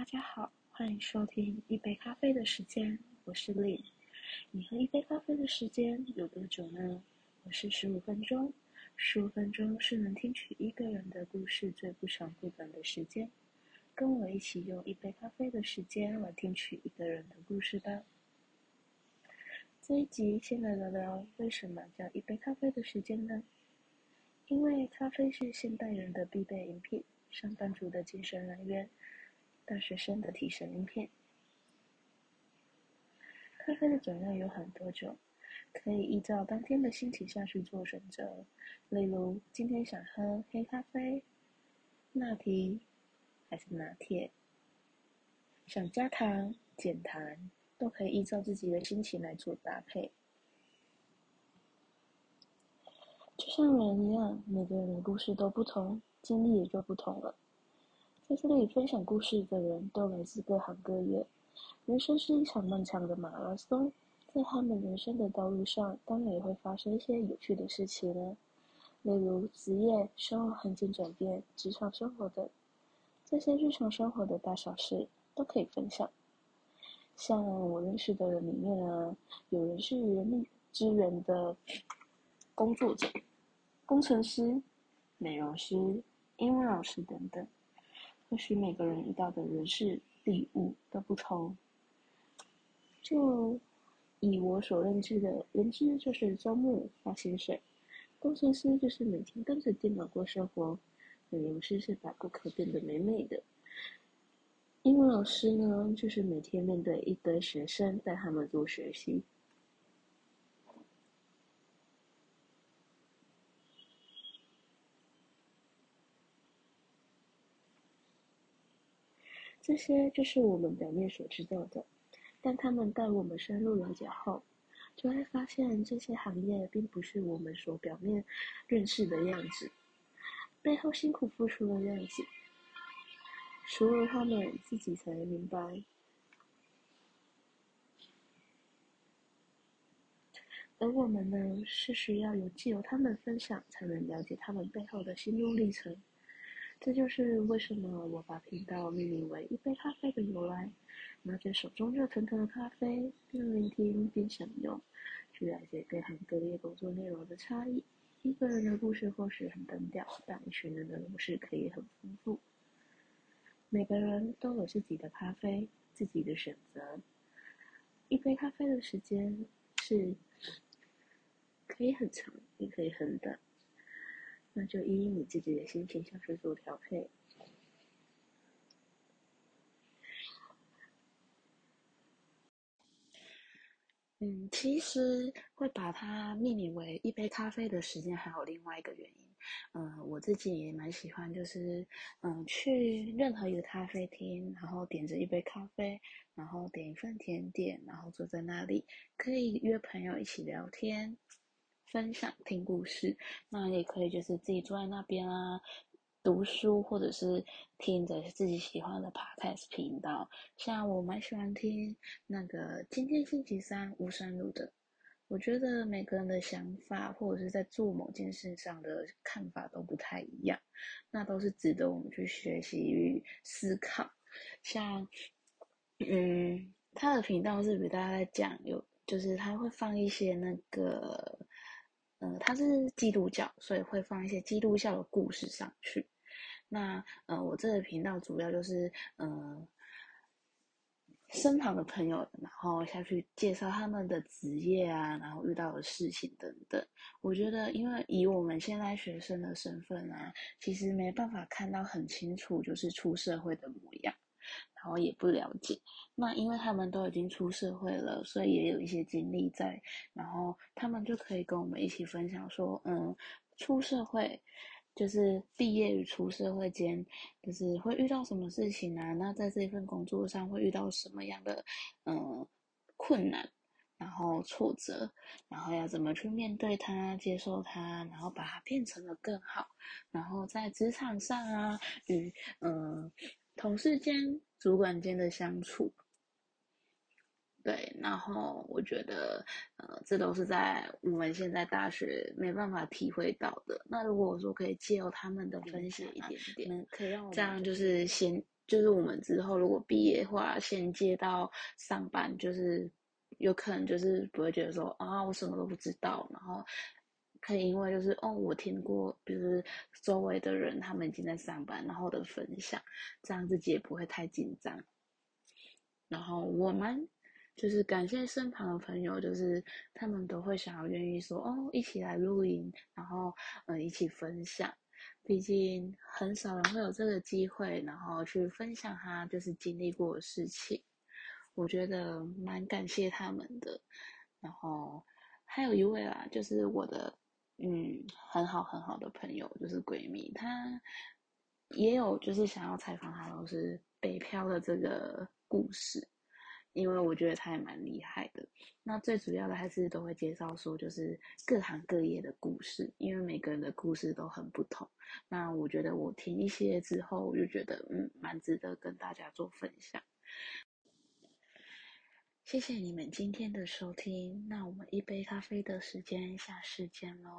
大家好，歡迎收聽一杯咖啡的時間，我是麗。你喝一杯咖啡的時間有多久呢？我是十五分鐘，十五分鐘是能聽取一個人的故事最不長不短的時間。跟我一起用一杯咖啡的時間來聽取一個人的故事吧。這一集先來聊聊為什麼叫一杯咖啡的時間呢？因為咖啡是現代人的必備飲品，上班族的精神來源。大學生的提神飲品，咖啡的種類有很多種，可以依照當天的心情下去做選擇。例如，今天想喝黑咖啡、拿鐵，還是拿鐵？想加糖、減糖，都可以依照自己的心情來做搭配。就像人一樣，每個人的故事都不同，經歷也就不同了。在這裡分享故事的人都來自各行各業。人生是一場漫長的馬拉松，在他們人生的道路上，當然也會發生一些有趣的事情了，例如職業、生活環境轉變、職場生活等。這些日常生活的大小事都可以分享。像我認識的人裡面啊，有人是人力資源的工作者、工程師、美容師、英文老師等等。或許每個人遇到的人事、地物都不同。就以我所認知的，人資，就是招募發薪水，工程師就是每天跟着電腦過生活，美容師是把顧客變得美美的，英文老師呢，就是每天面對一堆學生，帶他們做學習。這些就是我們表面所知道的，但他們待我們深入了解後，就會發現這些行業並不是我們所表面認識的樣子，背後辛苦付出的樣子，除了他們自己才明白，而我們呢，是需要有借由他們分享，才能了解他們背後的心路歷程。這就是為什麼我把頻道命名為“一杯咖啡”的由來。拿着手中熱騰騰的咖啡，邊聆聽邊享用，去了解各行各業工作內容的差異。一個人的故事或許很單調，但一群人的故事可以很豐富。每個人都有自己的咖啡，自己的選擇。一杯咖啡的時間是可以很長，也可以很短。那就依，依你自己的心情，下去做調配。嗯，其實會把它命名為一杯咖啡的時間，還有另外一個原因、呃。嗯，我自己也蠻喜歡，就是嗯、呃，去任何一個咖啡廳，然後點着一杯咖啡，然後點一份甜點，然後坐在那裡，可以約朋友一起聊天。分享聽故事，那也可以就是自己坐在那邊啊，讀書或者是聽着自己喜歡的 Podcast 頻道，像我蠻喜歡聽那個今天星期三吳山路的。我覺得每個人的想法或者是在做某件事上的看法都不太一樣，那都是值得我們去學習與思考。像，嗯，他的頻道是比大家在講有，就是他會放一些那個。嗯、呃，他是基督教，所以會放一些基督教的故事上去。那呃，我這個頻道主要就是呃，身旁的朋友，然後下去介紹他們的職業啊，然後遇到的事情等等。我覺得，因為以我們現在學生的身份啊，其實沒辦法看到很清楚，就是出社會的模樣。然後也不了解，那因為他們都已經出社會了，所以也有一些經歷在，然後他們就可以跟我們一起分享說，嗯，出社會就是畢業與出社會間，就是會遇到什麼事情啊？那在這份工作上會遇到什麼樣的嗯困難，然後挫折，然後要怎麼去面對它、接受它，然後把它變成了更好，然後在職場上啊，與嗯。同事間、主管間的相處，對，然後我覺得，呃，這都是在我們現在大學沒辦法體會到的。那如果我說可以借由他們的分析一點點，嗯嗯、可以讓我這樣就是先，就是我們之後如果畢業的話，先接到上班，就是有可能就是不會覺得說啊，我什麼都不知道，然後。可以因為就是哦，我聽過，就是周圍的人他們已經在上班，然後的分享，這樣自己也不會太緊張。然後我蠻，就是感謝身旁的朋友，就是他們都會想要願意說哦，一起來錄音，然後嗯，一起分享。畢竟很少人會有這個機會，然後去分享他就是經歷過的事情，我覺得蠻感謝他們的。然後還有一位啦、啊，就是我的。嗯，很好很好的朋友就是閨蜜，她也有就是想要採訪她，老師北漂的這個故事，因為我覺得她也蠻厲害的。那最主要的還是都會介紹說，就是各行各業的故事，因為每個人的故事都很不同。那我覺得我聽一些之後，我就覺得嗯，蠻值得跟大家做分享。謝謝你們今天的收聽，那我們一杯咖啡的時間下次見嘍。